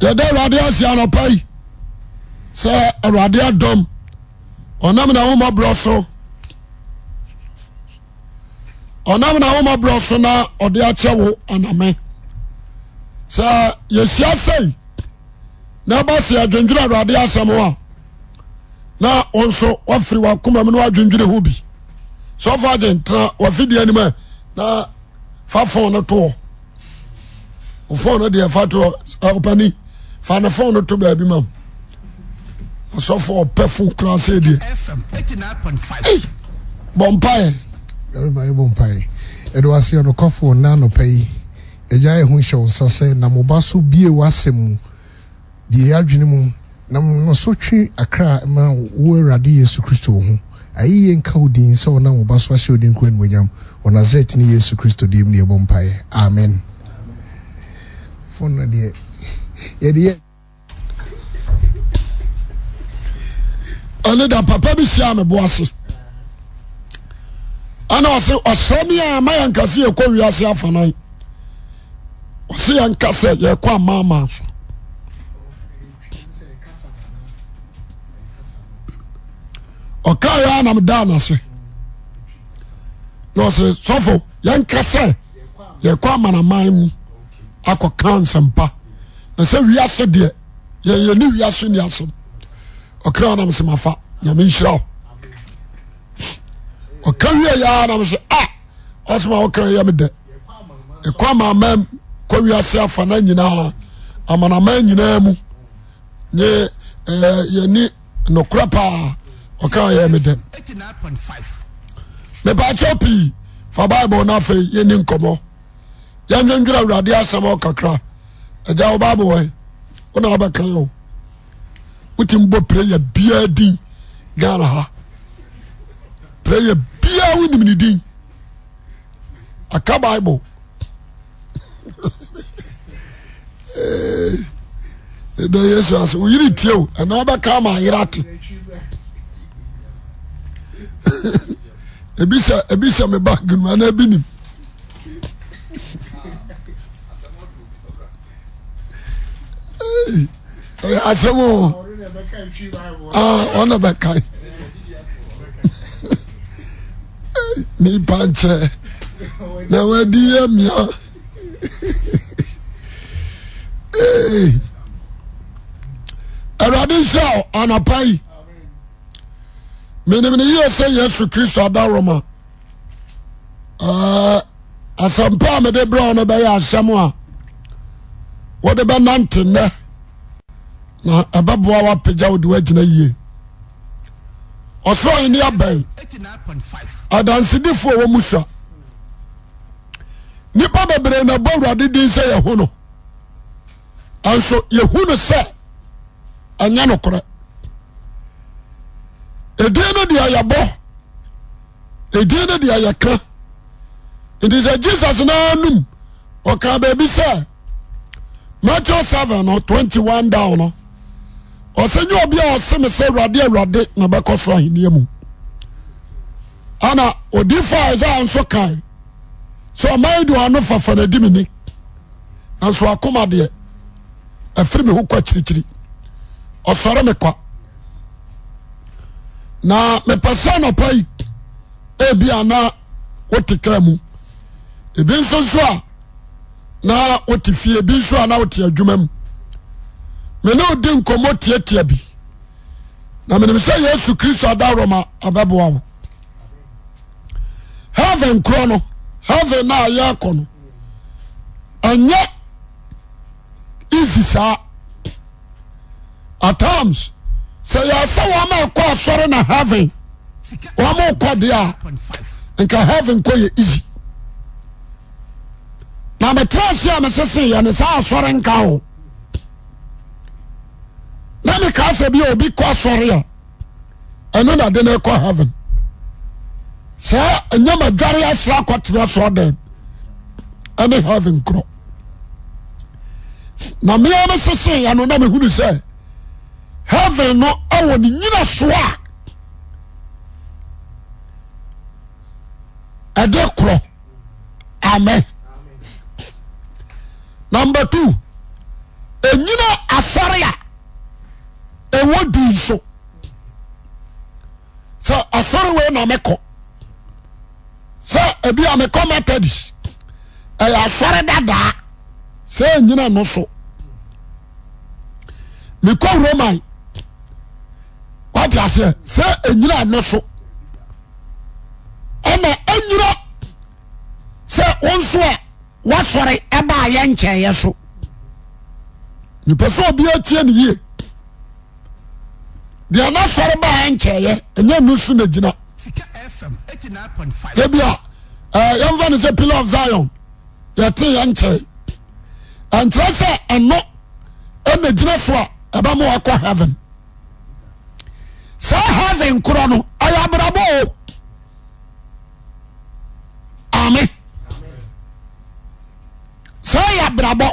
yɛda awurade ase anɔpa yi sɛ awurade adɔm ɔnam na womɔborɔ so ɔnam na womɔborɔ so na ɔde akyɛ wo aname sɛ yɛhyia sei na ɛba sɛ adwendwere awurade asɛm a na wo nso woafiri wakoma mu na woadwendwere ho bi sɛ ɔfa agye ntena wafidi anim a na fa fon no toɔ wo no deɛ fa toɔ ɔpani fa ne fone no to baabi ma ɔsɔfo ɔpɛ fo kora sɛ deɛ bɔmpaɛ ɛde wase ɔnokɔfo na anɔpa yi agya yɛ ho hyɛ wo nsa sɛ na moba so bie w'asɛm mu deɛ yɛadwene mu na nso twe akra ma wo awurade yesu kristo ho ayiye nka wo din sɛ ɔnam wo ba so ahyɛ odi nkura animuonyam wɔ nasaret ne yesu kristo dim ne yɛbɔ mpaeɛ amen fo no deɛ yɛde yɛ ɛne da papa bi siea mebo ase anaɔse ɔsɛmia ma yɛnkase yɛkɔ wiase afana ɔsɛ yɛnka sɛ yɛkɔ amama so ɔka yɛ anam da nase ns sofo yɛnka sɛ yɛkɔ amanama mu akɔ ka nsɛmpa na sɛ wiase deɛ yɛyɛne wiase nni ase ɔkra nam sɛ mafa nyame nhyira wo ɔka wie yɛa nam sɛ a ah, ɔsoma wokra yɛ me dɛ ɛkɔ amaamam kɔ wiase afa na nyinaa amanama nyinaa mu nye yɛni nokora paa ya yɛ me dɛ mepaakyɛ pii fa bible no afei yɛni nkɔmmɔ awurade asɛm ɔkakra agya wo bible wona wobɛkan wetimi bo praye biara din gara ha praye biara wonimine din aka bible ede eh, eh, yesu ase woyeri tieo ena wobekama ayera te ebisa ebise me bagenuane binim easeo eh, wane ah, bɛkae miipa nkye ne wɔadi yɛ mia awurade nhɛo anapayi menim ne yie sɛ yesu kristo adaroma ah, asɛmpa a mede brɛ wo no bɛyɛ asɛm a wode bɛnantennɛ naɛbɛboa wɔapigya wode woagyina yie ɔsɔine abɛ adansedifoɔ wɔmusua nipa bɛbre nabɔ wurade din sɛ yɛho no anso yɛhu no sɛ ɛnyɛ nokorɛ ɛdin no deɛyɛbɔ ɛdin no deɛ yɛ kra nti sɛ jisus noa num ɔkaa baabi sɛ matiw 7 no21 daw no sey obia oseme sɛ wrade ade naɛkɔ so aniamu an odifosa nso k so mai deno fafanadimini akomade afirime ho ka kyirikyiri ɔsɔre me kwaepɛse nai ian wotkramoson wote fie bnson wot adumam mene o di nkomɔ tiatia bi na menim sɛ yesu kristo adaworoma abɛboa mo heaven nkoro no heven na yɛakɔ no ɛnyɛ isi saa attimes sɛ yɛsɛ wɔmaɛkɔ sɔre na heaven wmookɔdeɛa nka heaven kɔ yɛ esi na metrɛhi a mesesen yɛne sa sɔre nka ho sɛde kaa sɛ bia obi kɔ asɔre a ɛno na de no ɛkɔ heaven sɛ ɛnyɛ ma dware asra kɔtena asɔre dɛn ɛne heaven korɔ na mmea me sesee ano na mehunu sɛ heaven no ɛwɔ ne nyina soa a ɛde korɔ amen number two ɛnyina asɔre a ɛwo du so sɛ asɔre wei na mekɔ sɛ ebi ameko matadi ɛyɛ asɔre dadaa sɛ ayina noso mekowuro mae wateaseɛ sɛ ayina noso ɛna ayina sɛ wonso a wasɔre ɛba yɛ nkyɛyɛ so nipɛ sɛ obiatia newie deɛ na sɔre ba ɛnkyɛeɛ ɛnyɛ nu so nagyina tɛ biayɛmfa ne sɛ pilla of zion yɛte yɛnkyɛe ɛnterɛ sɛ ɛno nagyina so a ɛbɛma a ɛkɔ heaven saa heaven nkorɔ no ayɛbrabɔ o ame saa ayɛbrabɔ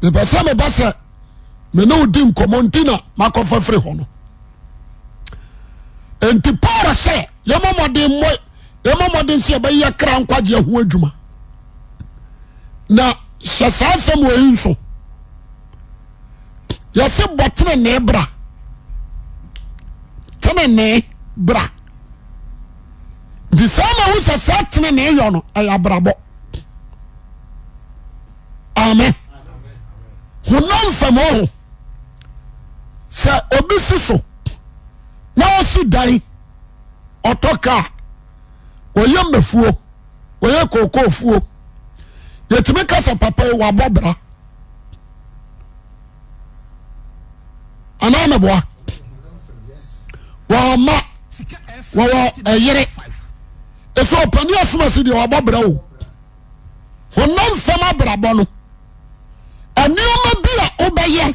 pɛ sɛ mɛba sɛ mene oi nkɔmɔntina makɔ fafiri hɔ no enti paur sɛ mɔmɔden sɛ yɛbɛyɛ kra nkwgye aho adwuma na hyɛ saa sɛ miso yɛse bɔ tenene bra tenene bra nti saaa mahu sɛ sɛa tenene yɔ no ɛyɛbrabɔ amɛ honamfamh sɛ obi si so na oso dan ɔtɔkaa wɔyɛ mma fuo wɔyɛ kokoɔ fuo yɛtumi kasa papayi wabɔ bra anaa maboa wma wwɔ yere ɛsɛɔpani asoma so deɛ wabɔ bra o honamfamabrabɔ no na ia wobɛyɛ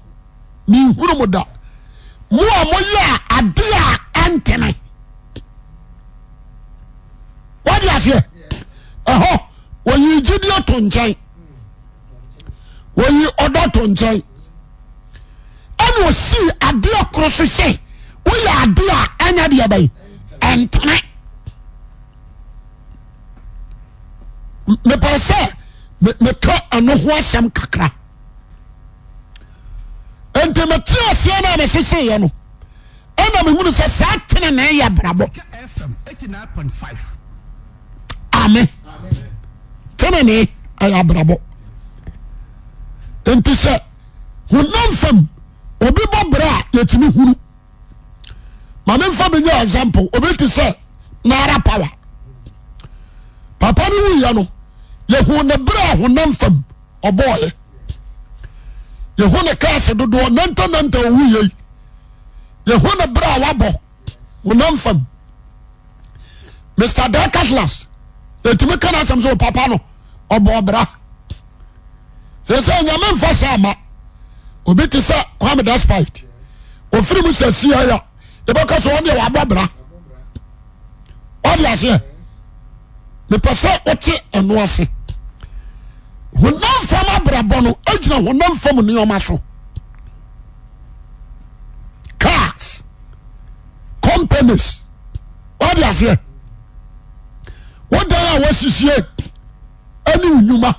menhurom da moa moyɛ adeɛa ɛntene wadeaseɛ ɛhɔ oyi gyidiɛ tonkyɛn oyi ɔdɔ tonkyɛn ɛne osii adeɛ koro so he woyɛ adeɛ a ɛnya deɛbai ɛntene mepɛɛ sɛ meka ɛno ho asɛm kakra nti meteseɛ no a meseseɛ no ɛnamehunu sɛ saa teneneyɛ brabɔ ame tenene ayɛ abrabɔ enti sɛ honam fam ɔbi bɔ brɛ a yɛtimi huru mamemfa menya example obɛti sɛ naara pawe papa no wuyɛ no yɛhune berɛ a honam fam ɔbɔyɛ yene kese dodtnntwoye yeone brawabo onafam m dacatlas etimi kensemopapa obobra sse yamefasema obite se koamedespite ofiremu se siaya ekasoewbo bra das epese ote nase ɔagina honamfamu neɔma so cars companies wodeaseɛ wodan a woasesie animnwuma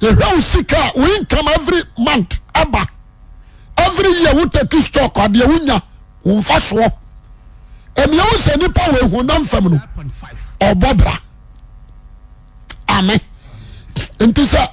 yɛhwɛ wo sikaa woincam every mont aba every yea wotaki stok deɛ wonya womfa soɔ miɛ wo sɛnnipa wehonam fam no ɔbɔ bra ame nti sɛ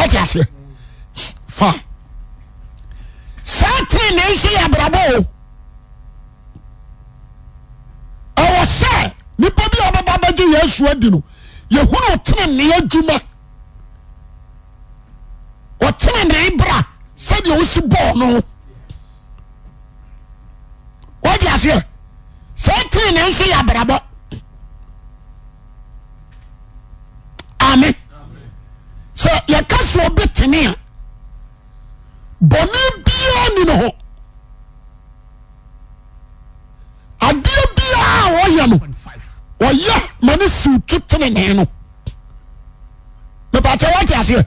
ɔte aseɛ fa saa tiri ne nso yɛ abrabɔ o ɛwɔ sɛ nipa bi a ɔbɛba abɛgye yɛsu adi no yɛhunu ɔtene ne adwuma ɔtene ne bra sɛdeɛ ɔsi bɔɔ no ɔte aseɛ saa tiri ne nso yɛ abrabɔ. tenea bɔne biara ni ne ho adeɛ biara a wɔyɛ no wɔyɛ ma ne siw tu tenenee no mepaakyɛ wɔte aseɛ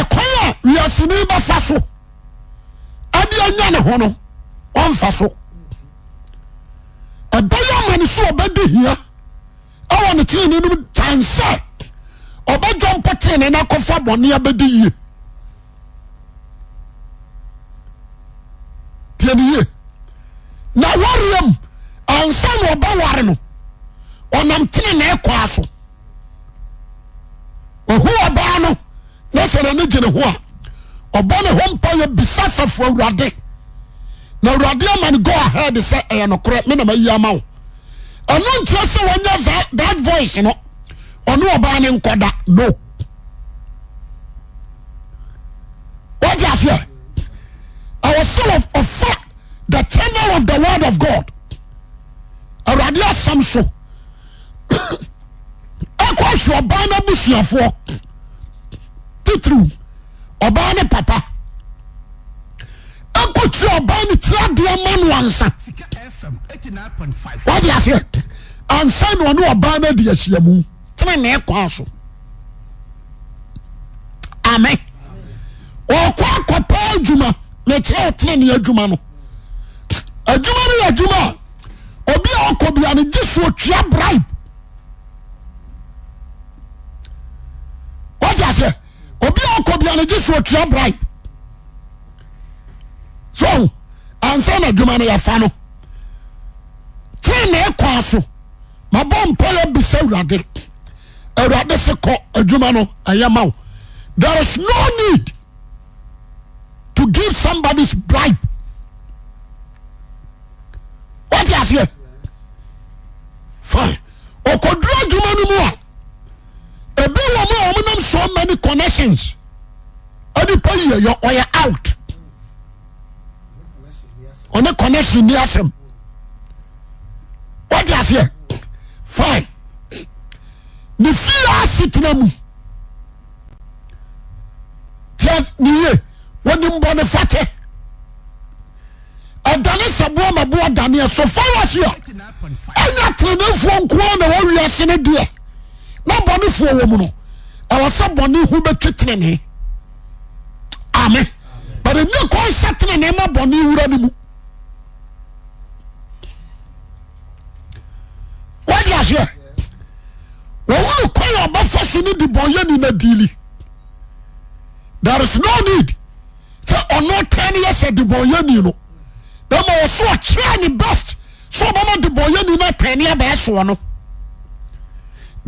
ɛkwan a wiaseni bɛfa so ade anya ne ho no ɔmfa so ɛbɛyɛ ama ne so ɔbɛdi hia ɛwɔ ne tenenee no mu tan sɛ ɔbɛwɔ mpo tee ne no akɔfa bɔne abɛde ye e naream ansana ɔbɔware no ɔnam teneneɛkɔa so ɔho abaa no na sɛna ne gyi ne ho a ɔbɔne hɔ mpa yɛ bisasafo awurade na awurade amane go ahed sɛ ɛyɛ nokorɛ menamayiama wo ɛnontuɛ sɛ wyathat voice no ɔneb nnɔda nowe aseɛ awɔsɛ ɔfa the channel of the word of god awurade asɛm so ɛkɔhwe ɔbaa no musuafoɔ titiri ɔbaa ne papa akɔkyie ɔbaa ne tiradeɛ ma noansasɛ ansana ɔne ba odaiam a ɔkɔa kɔpɔ adwuma mekyeɛ ɔtenene adwuma no adwuma no yɛ adwuma a obi aɔkbiano gye soɔtwa bribe wtasɛ obi aɔkbiano gye soɔtwua bribe so ansa na adwuma no yɛfa no terenekɔa so mabɔ mpɔyɛ bisa wurade rde sekɔ adwuma no ɛyɛ maw there is no need to give somebody's brip whatas yɛ fine ɔkɔdura adwuma no mu a ebiwɔ m ɔmnom so many connections adepa yiey ɔyɛ out ɔne connection neasɛm watas yɛ fine ne fia setena mu tia neye wonim bɔne fatɛ adane sɛ boa maboa dane a sofarasia ɛya teranefuo nko na wawia sene deɛ na bɔne fuo wɔ mu no ɛwɔ sɛ bɔne hu bɛtwe terene ame but nia kɔn sɛ tenene ma bɔne wura no mu ɔwunoka ɛ ɔbɛfa so no de bɔ yani no dini tereis no ned sɛ ɔno tan ne yɛ sɛ debɔn yani no na maɔsoɔkyerɛa ne best sɛ ɔbɛma de bɔ yani no atane ɛbɛɛsoɔ no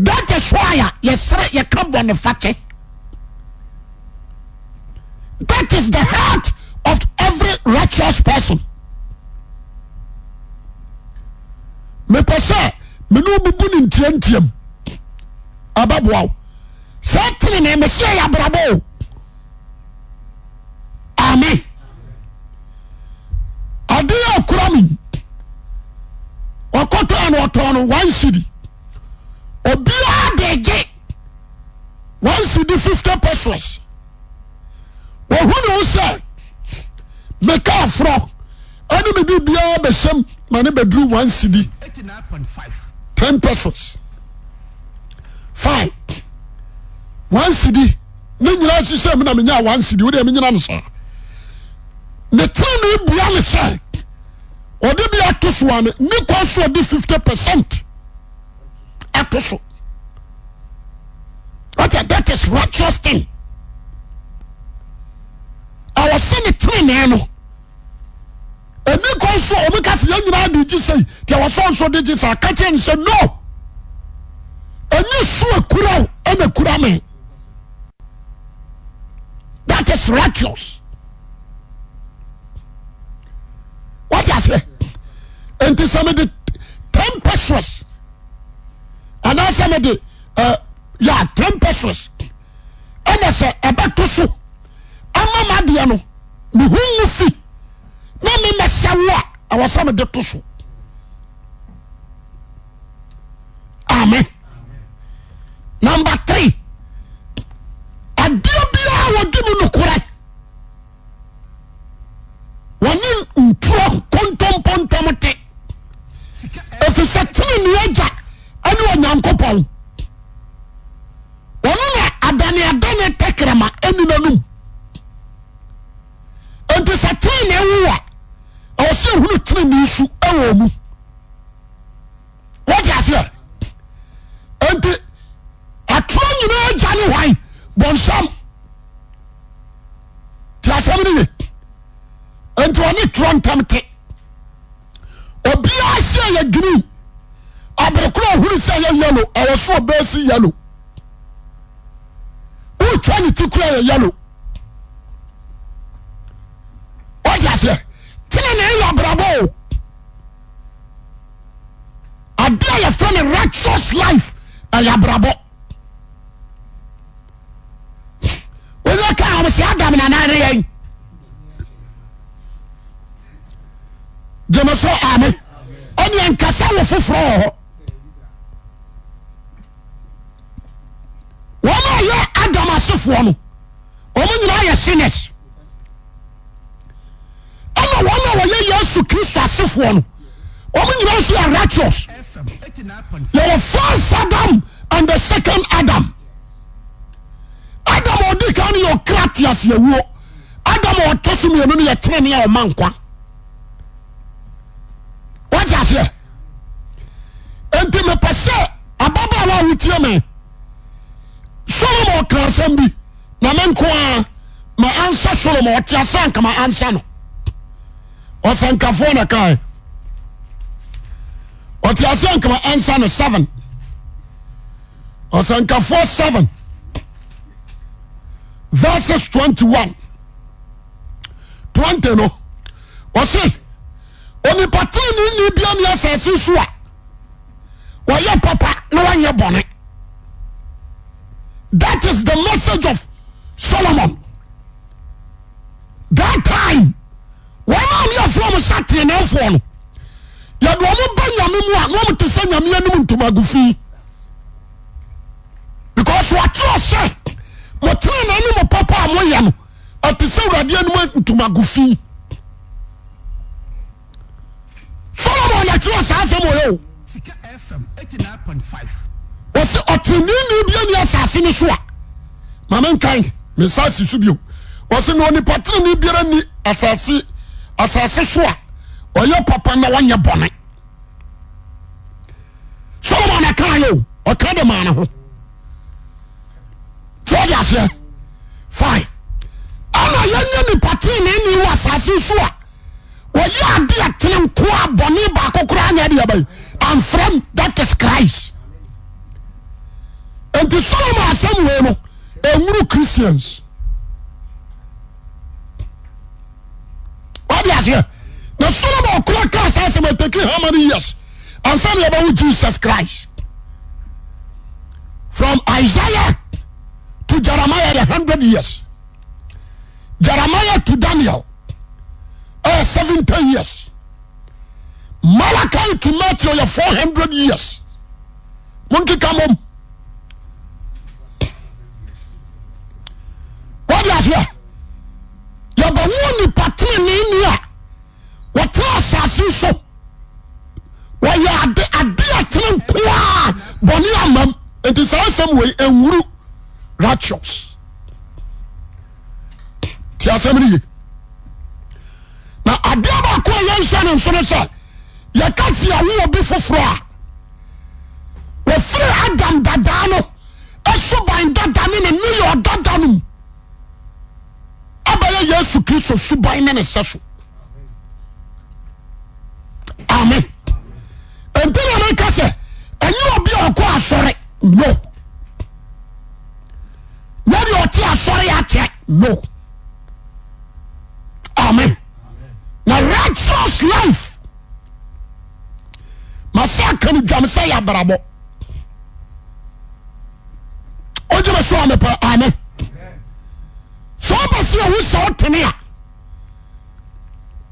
dats wy a yɛsrɛ yɛka ba nefakyɛ tat is the heart of every rightous person epɛ sɛ menebibu ne nti ababoasɛ terene mɛseɛ yɛabrabɔo ame adeɛ akoramin ɔkotaa ne ɔtɔ no oecidy obiara de gye one cd 50 pesus ɔhune ho sɛ meka forɔ ɛnemebi biara bɛsɛm ma ne bɛduru oecd5 10 pess 5i wansidi ne nyinas sɛ menaenyasewoeyan ne tra no bua ne sɛ ɔde bi atosoane ni kɔ so de 50 pecent ato so ata datis ritoustin awɔsɛ ne tne noni kɔ soɔas yɛnyinadeg swɔsonsogyesanesɛ no nesua kura ɛna kura me that is rightous watasɛ nti sɛ mede tempesues anaa sɛ mede eh, ya tempeses ɛnɛ sɛ ɛbɛto so ɛma ma adeɛ no mehum mu si me memɛsɛ wo a ɛwɔsɛ mede to so amen number tre adio bioa wo du mo nokore wone mpuo kontom pontom te efii se time neeya anewa nyankopon onene adaneadene tekerema enunanum enti se time newowe owse hono time nesu awomu wodiasont negane wa bonsam tiasɛm ne ye nti ane toro ntam te obiaa se ya gini aberekoro ohuru se yɛ yalo awɔsobaasi yalo wotwane tikorayɛyalo wateaseɛ tenene yabrabɔo adea yɛfrɛ ne rightous life ayabrabɔ gyeme so ame ɔne ankasa wo foforɔ wɔ hɔ wɔma ɔyɛ adam asefoɔ no ɔmo nyinaa yɛ sinners ama wɔn a wɔyɛ yesu kristo asefoɔ no wɔn nyinaa nso yɛ righteous yɛwɔ first adam and the second adam adam a ɔdi kan no yɛ ɔkra te ase adam a ɔtɔ so mmienu no yɛ tene ne a ɔma wate aseɛ enti mepɛ sɛ ababala awetie me solomo kraasam bi na menkoa ma ansa solomon ɔtiasaa nkama ansa no ɔsankafoɔ naka ɔtiasia nkama ansa no seven ɔsankafoɔ seven verses twenty one twenty no se ɔnipateene nbianɛsase sa wɔyɛ papa na wayɛ bɔne that is the message of solomon tha tim nɛoɛtnfoɔ n yɛdeɔmba yamma nte sɛ nyaanom ntago fi because waterɛsɛ moterananom papa moyɛ no te sɛ wradenm ntagofi solomon yɛtwerɛ saa asɛm ɔyɛ o wɔsɛ ɔtenini bia ne asase no so a mame nkan mensa si so bio wɔsɛ na onipa tenene biara ni asase asase so a ɔyɛ papa na wanyɛ bɔne solomon ɛkaayɛ o ɔka de maa ne ho tí wọ́n di aseɛ fine ɛna yɛn nyɛ nipa tenene ni wɔ asase so a yɛadea tenenkoabɔne bakokora anyadeaba anfrɛm that is christ nti sonoma asɛm ei no muru khristians adaseɛ na sonomkora kasasm atekili how many years ansaneɛbawo jesus christ from isaiah to jeremiah yɛ h0ndred years jeremiah to daniel Eh, sntn years malakai tumatoyɛ four hun0red years monkeka mom wadeasea yɛba wua nipatenene ni a wɔtera asase so ɔyɛ adeatere nkoaa bɔne amam enti saasɛmwei anwuru racostiasɛmine ade abaakoa yɛmsane nso no sɛ yɛka si awoobi foforɔ a ɔfiri adam dadaa no asuban dadame ne meyɛ ɔdada mo m ɛbɛyɛ yesu kristo subɔn ne ne sɛ so amen mpiyano nkɛ sɛ ɛnyɛ obi a ɔko asɔre no wade ɔte asɔre yɛakyeɛ no amen na righteous life masa akam dwam sɛ yɛ abrabɔ ogye me so amepɛ ame sɛ wobɛ sɛ ɛwo sɛ wotene a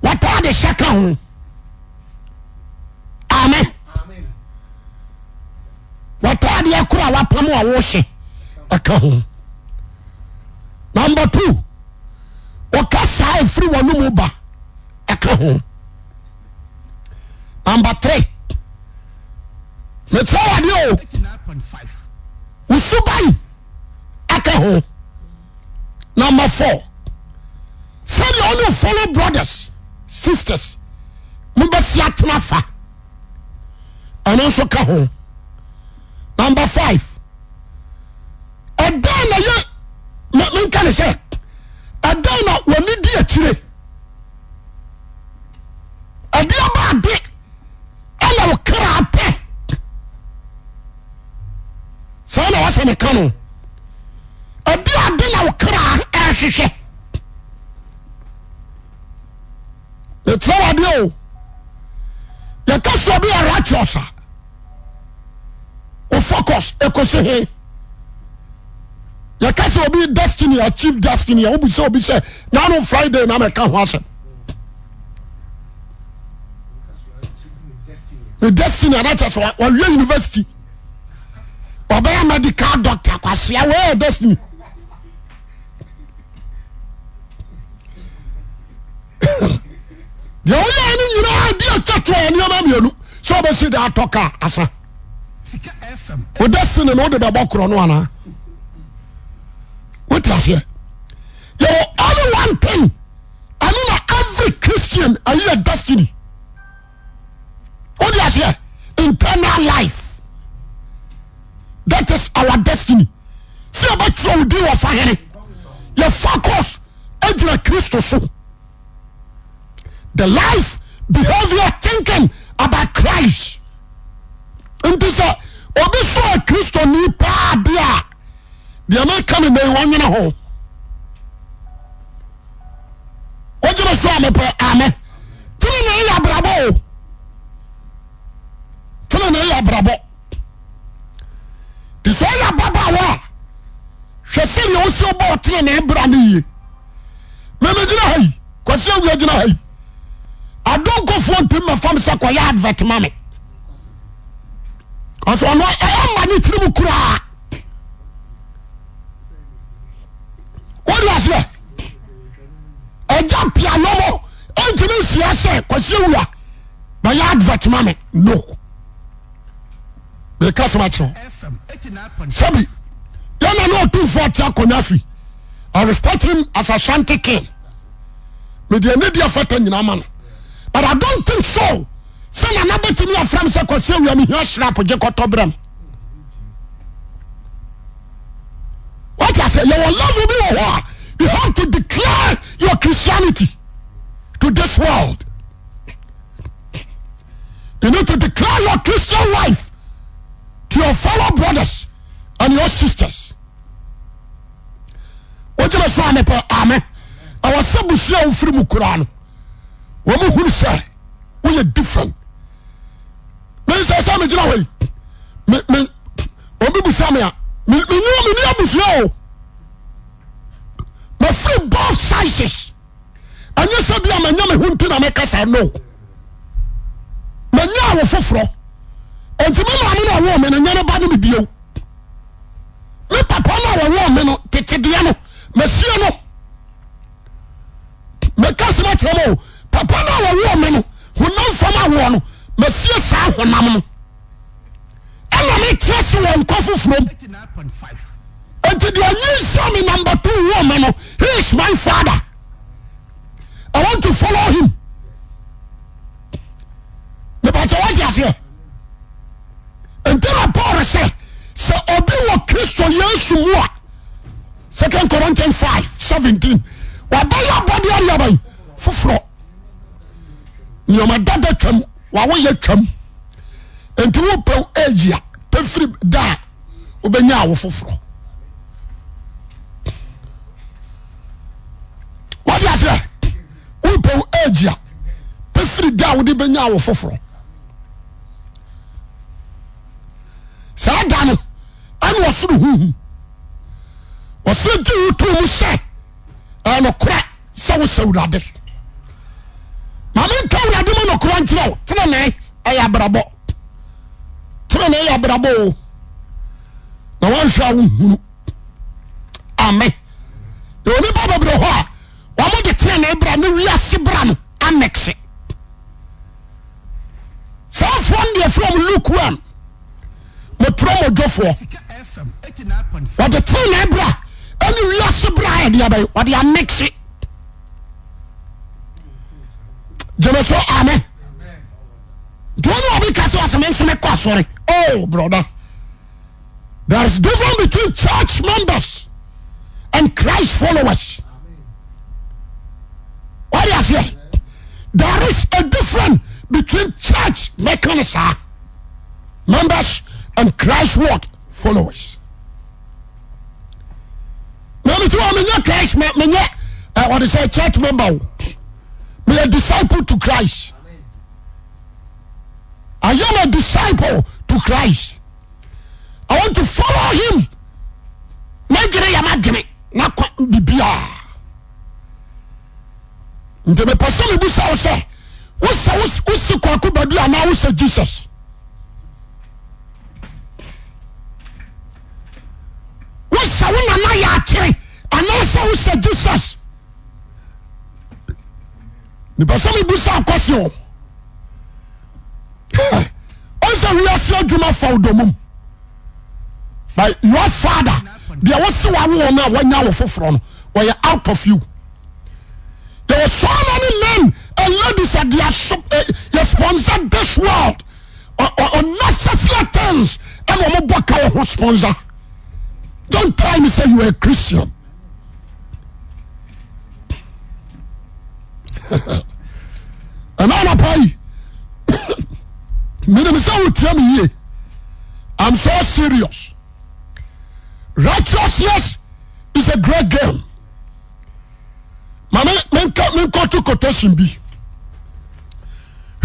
wataa de hyɛ ka ho ame wataa deɛ koro a wapam a wohyɛ aka ho number two wɔka saa ɛfiri wɔ mu ba numbe three metawade wosubai aka ho numbe four sɛyo one fellow broders sisters mebɛsra tena fa ananso ka ho numbe five danayemekane sɛ mka inwkahwehwɛ tr yɛkasɛ obiarates a oocus ko s yɛkasɛ obi destiny achi destiny awosɛbisɛ nanfridanamkahasɛ destiny aw university obɛa medical doctor kasia we destiny doye ne yinaadekatea aneɛma ian so obɛse de atoka asa odestiny n wodebbɔoro nana wetiasɛ y ol one pan anona every cristian ayia destiny wodeasɛ internal life that is our destiny sɛ yɛbɛtwerɛ wo din wɔ fa hene yɛfa cos agyina kristo so the life behavior thinking about christ nti sɛ obi sɔɔ kristo ni paa bi a deɛ meka me mɛyi wɔnwene ho wogyina so a mepɛ amɛ tene na ɛyɛ abrabɔ o tene na ɛyɛ abrabɔ ti sɛ ɔyɛ ababaawa a hwɛ sɛdeɛ wosi ɔbɔ ɔtene ne ɛbra ne yie mɛmɛ gyina ha yi kwasi awia gyina ha yi adonkofoɔ mpem ma fam sɛ kɔyɛ advert ma me ɔsɛ ɔno ɛyɛ ma ne tiri mu koraa wode aseɛ ɛgya pia nɔmɔ ɛntimi nsia sɛ kwasi awia bɛyɛ advert ma me no asrs ynanto fotia konya fi a respect him as asanty kin mednediafata nyinaman but i don tink so snanatimiframsherpkrm wtylb yo have to declare your christianity to this world nto declare your christian wife your fello brothers and your sisters wogyime soa m wse busua feri mu koraa womehur se woye different meso so megina be bsammena bsa meferi bo sies ayasa bia maya mehuntkasanyafofor nti memamono wo me no nyɛoba no mebi me papa naw me nokedɛ masieoapa e nohonafamasiesaahonam nonamekyeɛse w nkɔ ofrontidesame nme teno hes my fater i wanto follo him ntpre se sɛ obi wɔ kristion ye nsumu a 7 corintians 517 daya bdeareba fofor adada twam wwoyɛ twam enti wopɛ aga pefiri da wonyawo fofor ease wopɛ aga pefiri daa woyaawo fofor saa da no ɛne ɔsoro huhu ɔsoro gye wo to mu sɛ ɛnokorɛ sɛ wo sɛ wurade maame nka wurade ma nokorɛ nkyerɛ wo tenene ɛyɛ abrabɔ tenene ɛyɛ abrabɔ o na wanhwɛ a wohunu ame onipa bebrɛ hɔ a wɔmode tenene bra ne wiase bra no amexe saa foɔ no deɛ frɛ m luke one mepuro mɔdwofoɔ wɔde tee na ɛbra ɛne wiase bra ɛde abɛyɛ wɔde amekye gyeme so amen nti wɔn a wɔbi ka sɛ wɔsɛmɛ nsɛmɛ kɔ asɔre oh broda there is difference between church members and Christ followers wɔde aseɛ there is a difference between church mekanisa members and Christ what followers. Mami tí too mi Christ mi mi nyẹ ẹ wọ́n sẹ church member o a disciple to Christ. I am a disciple to Christ. I want to follow him. N'adwene yɛ m'adwene n'akɔ bibia. Nti mi pɛ sɛ mi bu sa wo sɛ wosa wosi kɔkɔ Jesus. honanayɛakyere anasɛ ho sɛ jesus nipɛ sɛmbisɛ wkɔso sɛ wiase adwuma faodɔmum yo fathe deɛ wosewwo no a wanya wɔ foforɔ no wɔyɛ out of you yɛwɔ so many mem alodi sɛdyɛ sponse dis world ɔnsɛseatens naɔmobɔ ka who sponse tryme se you are achristian ɛnanapai menim sɛ wotiamyie im so serious rightousness is a great gam mamenkɔto cotetien bi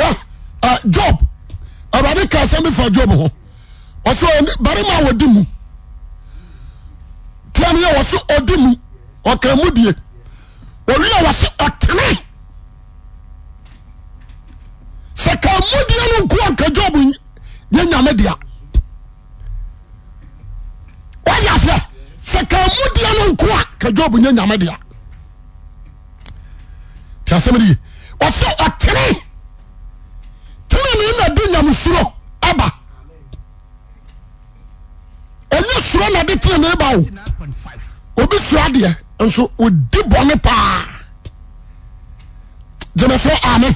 ah, ah, job awurade ka sam bi fa job ho s barima wɔdemu famye wose odi mu okamudie oweye wose otenen se kamudie ne nkoa kajob ya yame dea wayase se kamudie ne nkoa kajb yayame dea fiasemdeye se otenen temenena di yame suro aba ɛnyɛ suro na ɔde tena ne ba o obi sua adeɛ nso odi bɔne paa gyeme so ame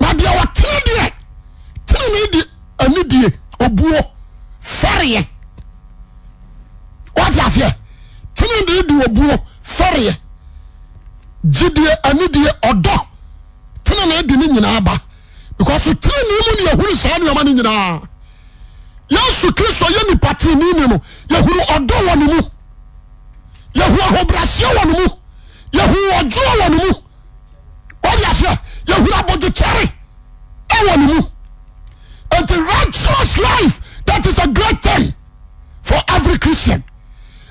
na deɛ ɔtene deɛ tene ne di ani die obuo fɛreɛ wate aseɛ tene deɛ di obuo fɛreɛ gyidie ani die ɔdɔ tene ne di ne nyinaa ba because tene ne mu ne ɛhuru saa nneɛma ne nyinaa. yesu kristo yɛ nipa tirinwi ni no yɛhuru ɔdɔ wɔ ne mu yɛhuru ahobrɛseɛ wɔ ne mu yɛhuru ɔdwoɔ wɔ ne mu wɔde aseɛ ɛwɔ ne mu righteous life that is a great thing for every christian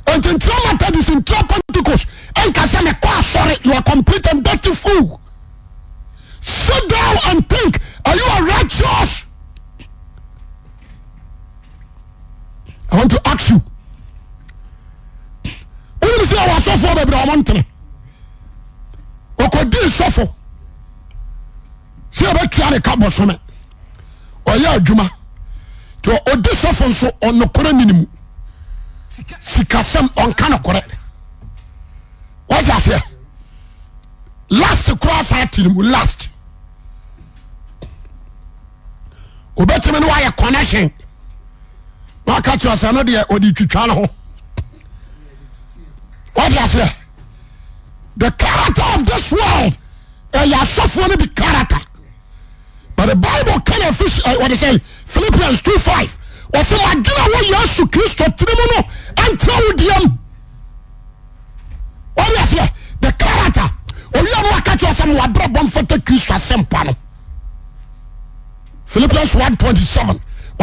nti ntura methodist ntura pentecost ɛnka sɛ asɔre you are complete and dirty fool sit down and think are you a righteous iwant to a you ese owa oh, sufo bebra omontere okodi sofo se obe oh, tuane ka bosome oya oh, ajuma todi sufo nso nekore ninimu sikasem onka no kore wasasiya last kurawasatinimu last obetimine wayɛ konneton asowiwahɛte arate of this wrld ɛfɔ no bi ara bbile kaesɛ eh, philipians t5i ɔsmgyenawɔ yesu kristo tirim no nmɛaɛfritopa o philipians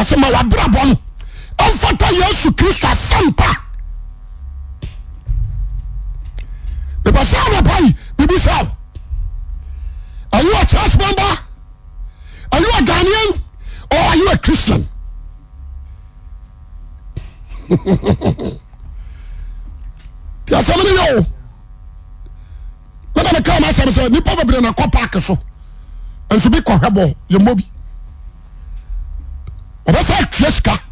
1tsrɛ mfata yesu kristo asampa epɛ sɛ me payi bibisa ayuachesmanba ayuaganean or ayuwa christian diasɛm ne yɛo menamekaama asɛm sɛ nipa babrɛnakɔ pack so anso bi kohwɛ bɔ yɔmɔ bi ɔbɛsa ta sika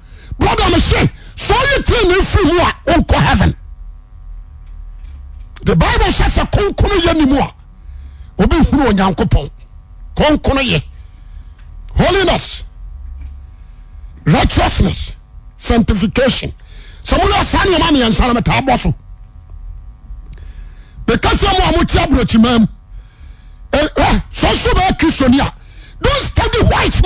ɔhe bibl sɛ sɛ konkonyɛ nemu a wɔbɛhuno onyankopɔn konkono yɛ holiness rightousness sanctification sɛmosa nneaesataabɔ eh, eh, so bɛkasɛm a moteriasɛ sbɛakristoni a i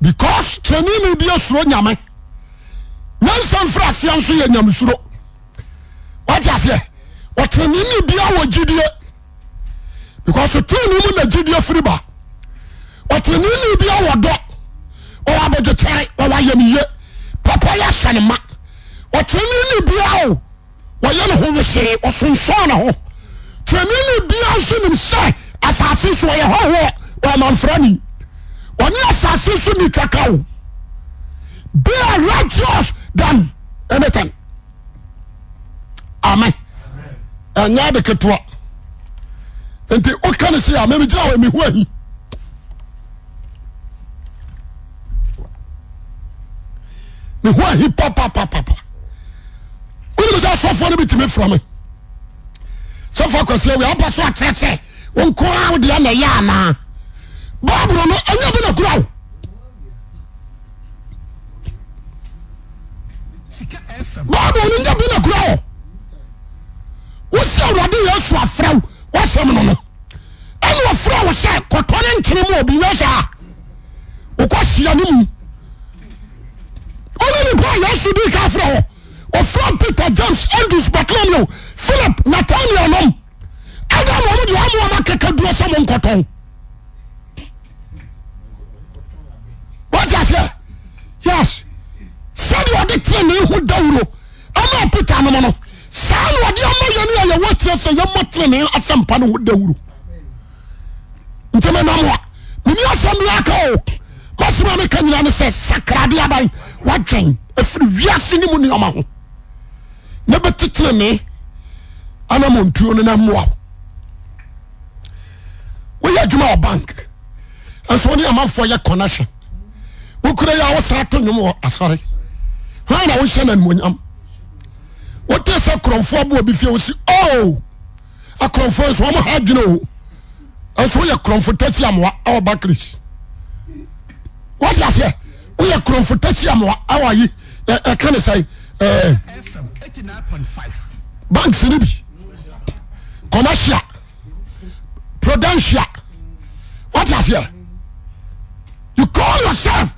because kyɛnini bi asuro nyame nyansan fira aseɛ nso yɛ nyamesuro wate aseɛ ɔkyɛnini bi awɔ gyidie because ni mu na gyidie firi ba ɔkyɛnini bi awɔ dɔ ɔwɔ abɔdwekyɛre ɔwɔ ayamye papa yɛ sɛnema ɔkyɛnini bi awɔ wɔyɛ ne ho wesere ɔsonsɔn ne ho kyɛnini bi awɔ nso nim sɛ asase so ɔyɛ hɔhoɔ ɔmanfra ni. ɔne asase so metwakawo bia ritios dam emetan ame anya deketowa enti wokane seamemeginahmehahmehoahi a wonemesa sufo ne bitimi frame sfo ks aaba so aterɛ se onka wode nyamaa bible no ɛnyɛ bi na kura o. bible no ɛnyɛ bi na kura o. wosi awurade yɛ esu afrɛw wɔsɛm no no ɛna wɔfrɛ wo sɛ kɔtɔ ne nkyene mu obi yɛ saa wokɔ hyia no mu ɔne nipa a yɛsu dii ka frɛ hɔ peter james andrews bartolomeo philip nathaniel nom ɛda ma ɔmo deɛ ɔmo ɔma kɛkɛ duro sɛ mo nkɔtɔn ɛ de rne o ao eiirne natu nam weyi uma bank soonemafo ya konasa wosa to os nawo na wotsɛ krfo fewos f sm i woyɛ kf atamwa awbakeo f aawawas ban sene coertia proentia oyousef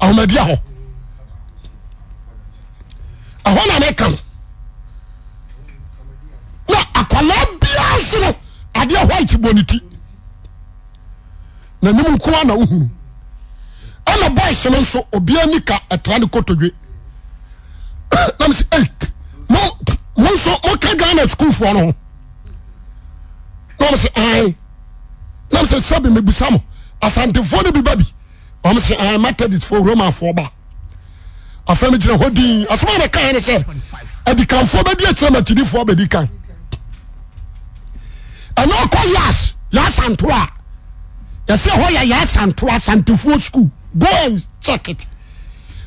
hadia h ahɔ na neka no na akala biaa seno adeɛ hɔ aki bane ti nanim nkoma na ohu ɛmabɔse no nso obiaa nika ɛtra ne kotodwe nams ns moka ga na sukulfoa no ho n m s nams sabmebusam asantefo ne bibabi wɔn sɛ ɛɛ ah, methodist fo roma fo ba afɛn mi gyina hɔ dii asoma na kan ne sɛ adikanfoɔ bɛ di akyerɛ ma tidi foɔ bɛ di kan ɛna ɔkɔ yas yasantoa yɛsɛ hɔ yɛ yasantoa santifoɔ school go and check it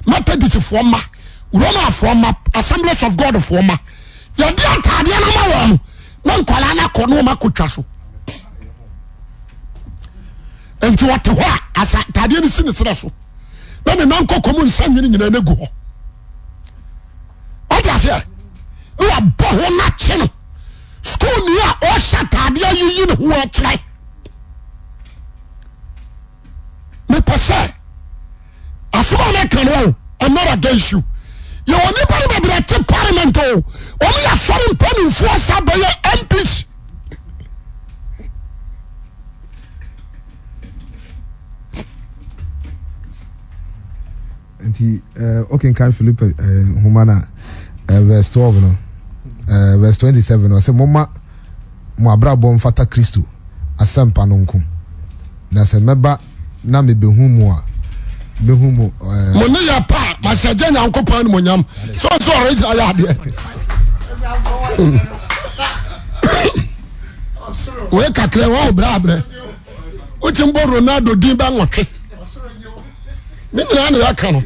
methodist foɔ ma roma foɔ ma assemblies of god foɔ ma yɛde ataadeɛ no ma wɔn na nkɔla na kɔ no ma kotwa so. teho stadno sine sere so enenakokomusaye yianghot onk olnse aikrose asn ka no agans oun anmp nti okenkan philip nhoma no a eh, verse 12 no verse 27 ɔsɛ moma mo abrabɔ mfata kristo asɛmpa no nko na sɛ mɛba na mebɛhu mu a bɛhu mu eh, mo ne yɛ pa a masɛgya nyankopɔn no monyam sɛ sɛ ɔregina yɛ adeɛ wei kakra O brɛabrɛ wotim bɔ ronaldo din bɛ nwɔtwe ne nyinaa ne yɛka no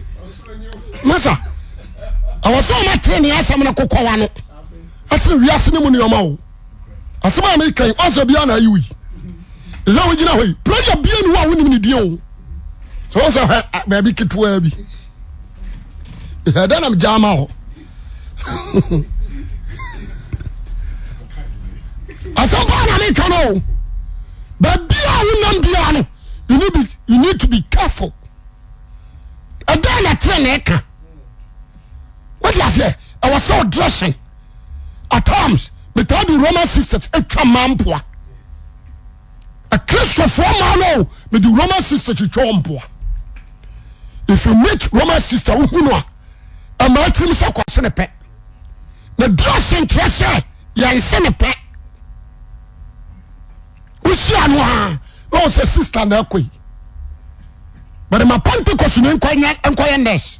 masa ɛwɔsɛ oma tre neasɛm no kok wa no aswisnmnea asnkanres anwnanaasmpaa namka babiaa wonab no ou ned to be carefl ɛda natre neka tsɛ ɛwɔsɛo deosen attims metade roman sisters twamampoa acristofo ma mede roman sister cwitwa mpoa if met roman sister wohun a ma irim sɛ kosene pɛ na dsen kyerɛ sɛ yɛnsene pe osia no na sɛ sister naakoi buta pentecost nnkɔyɛnes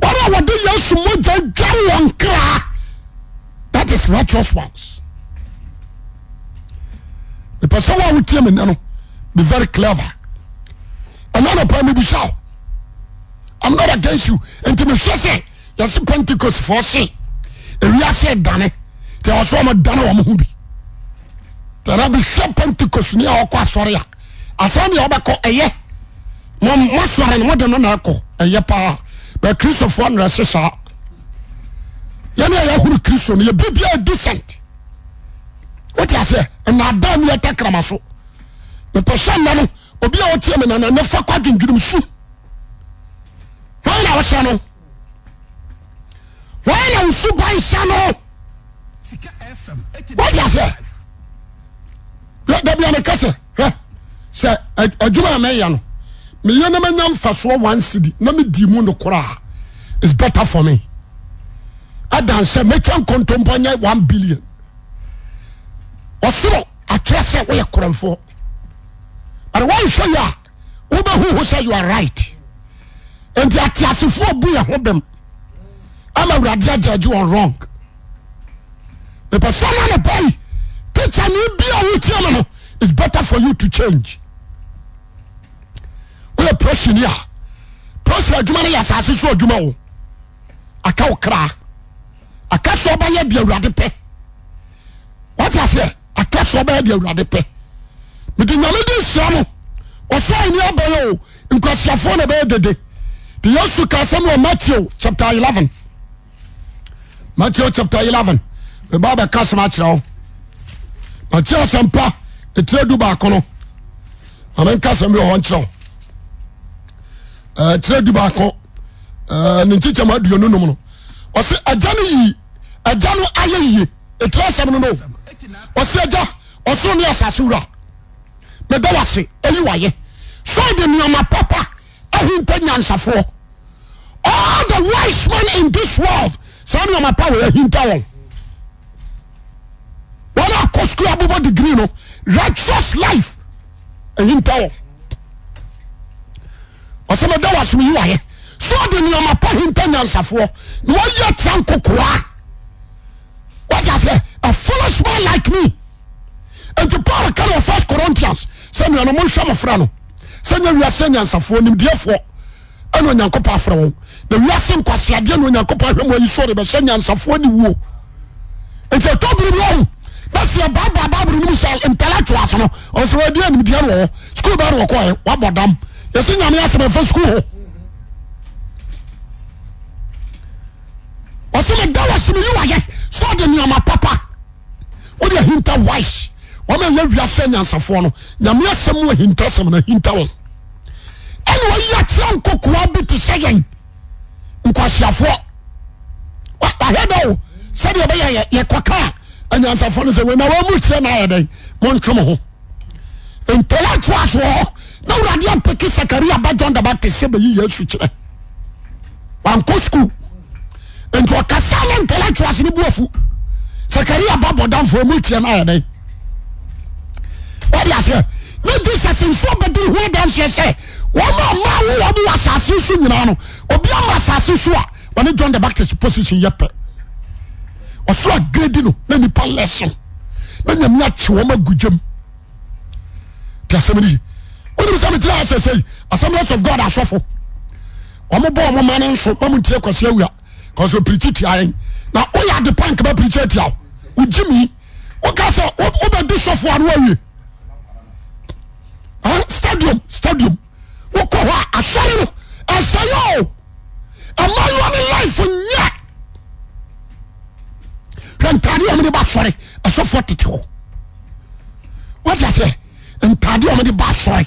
deyesaa kra tatis rihtous nes eswt every clever nne pentstfa sedan rbese pentecost nk asre saeobeko ye mo soren modemnko ye pa butkristofo nerɛsesaa yɛne aya ahoro kristo no yɛbibiaa desent wotiasɛ ɛnaba muyata krama so epɛsɛnna no obia ɔtia mnananɛ fa ko adwendwerom su wainawosɛ no na nsu basa nowtasabiamka sɛ sɛ adwumamɛyɛno mennya fasseiiette fomeasɛ wa oyɛ billion seroɛ wsɛ oaright nt atasefobuho e mae raanb ea nebi eiamo is better for you to change prasinia presi aduma e y sase so aduma o kakrs chae ha kase ra Eh, tire di baako eh, ne nkyɛnkyɛn aduonu nom no ɔsi agya no yi agya no ayɛ yie etu asɛm no no ɔsi agya ɔsoro ne asase wura mɛda wase eyi wayɛ sɔɔ de nneɛma papa ahinta nyansafoɔ all the wise men in this world saa nneɛma pa wɔ ahinta wɔn wɔn akɔ sukuu abobɔ degree no righteous life ahinta wɔn ɔsɛ mɛda wɔ asom yi wayɛ so ɔde nneɛma pa himpa nyansafoɔ na wɔyɛ tia nkokoa wɔte aseɛ a foolish man like me nti paul ka wɔ first corinthians sɛ nnuano monhwɛ mɔfra no sɛ nyɛ wiase nyansafoɔ nimdeɛfoɔ ɛna onyankopɔn afrɛ wɔn na wiase nkwaseadeɛ na onyankopɔn ahwɛ mu ayi sɔre bɛhyɛ nyansafoɔ ni wuo nti ɛtɔ biri bi ɔhu na si ɛbaabaa baabiri no mu sɛ ntala atwa ase no ɔsɛ wɔadi animdeɛ no wɔ hɔ sukuu baa no wɔkɔɛ wabɔ dam ɛsɛ nyame sɛmfa skul ho ɔsom da smɛyiwyɛ ɛd naaɛ na ɛaɛɛɛ na awurade apɛki sakaria ba john dabate sɛ bɛyi yesu kyerɛ wankɔ skul nti ɔkasa ne intellectual se ne buafu sakaria ba bɔdamfo mu tiɛ no ayɛ dɛn aseɛ na jesus nso bɛdi ho adanseɛ sɛ wɔma ɔma wowɔ bi wɔ asase so nyinaa no obi ama asase so a wɔne john the baptist position yɛ pɛ ɔsoro agredi no na nipa lesson na nyame akye wɔm agu gyam ti asɛm no yi wonim sɛ metiri asɛ sɛi assemblies of god asɔfo ɔmo bɔ ɔmo ma ne nso ɔmo ntie kwasi awia kɔsɛ pirikyi tia yɛn na woyɛ ade pan kaba pirikyi atia wo wogyi mi woka sɛ wobɛdi sɔfo ano awie stadium stadium wokɔ hɔ a asɔre no ɛsɛyɛ o ɛmayewa ne life nyɛ hwɛ ntaade ɔmo de ba sɔre ɛsɔfoɔ tete hɔ wate asɛ ntaade ɔmo de ba sɔre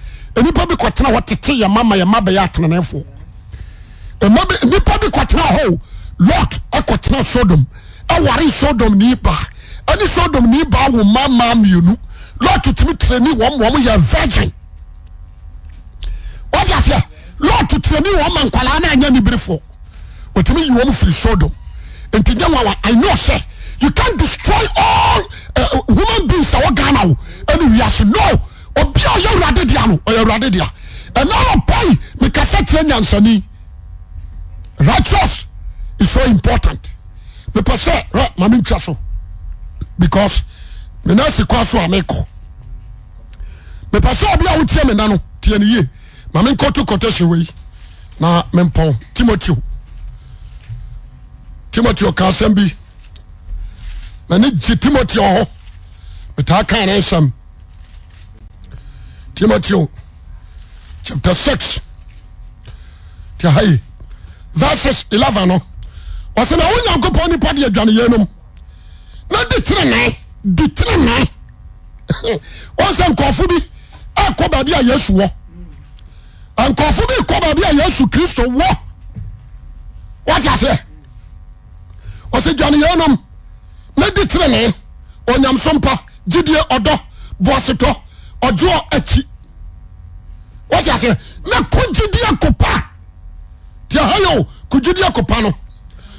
nipa bi kɔtena hɔ tete yɛ mama yɛ ma bɛyɛ atenanɛfoɔ nipa bi kɔtena hɔ lot ɛkɔtena sodom ɛware sodom ne iba ɛne sodom ne iba awo mama mmienu lot tumi tirani wɔn wɔn yɛ virgin wɔde aseɛ lot tirani wɔn ma nkwalaa na ɛnyɛ nibirifoɔ wɔtumi yi wɔn firi sodom nti nyɛ nwawa i know sɛ you can destroy all uh, human beings a wɔ ghana wo ɛne wiase no. obia yɛ wradedeaoywrdedea ɛnanopai mekase tera nyansani ritres i so important mepɛsɛ re mame nta so because mena asikoa soamekɔ mepesɛ obihotie mena no tiniye mame nkto cotete wei na mepɔ timoto timoto ka sam bi nane ye timotyo o ho metaa ka ane sam timoteo chapter s thai verses 11 no ɔsɛna wo nyankopɔn nipɔ deɛ ajwaneyenom na di teren diterena sɛ nkɔɔfo bi akɔ baabi a yeasuwɔ nɔfo bi k babi a yesu kristo wɔ wtasɛ sɛ jwaneyeno na di terene ɔnyam so mpa gjidie ɔdɔ bɔɔsetɔ ɔjeɔ aki wateasɛ na kogyidiɛ kopa t ahay kogyidiɛ kopa no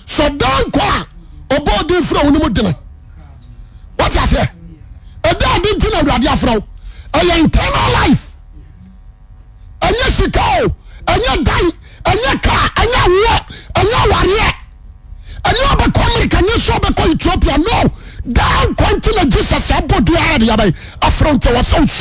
sɛ da nko a ɔbɔdenfuraw nom dena tasɛ ɛdeadtina awradeafr yɛ internal lif yɛ sikao yɛ dai y ka ywo y areɛ yɛɛk merika yɛsɛk etoia na nntna sus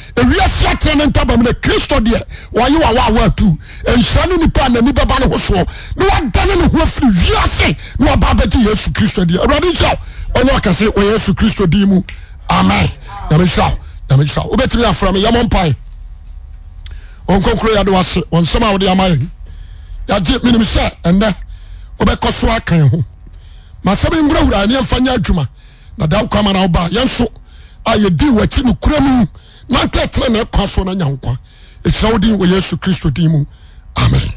wi sitr no taa mna kristo de ayew a no ni nanke tere ne ɛkwa so no anyankwa ɛkyira wo din wɔ yesu kristo din mu amen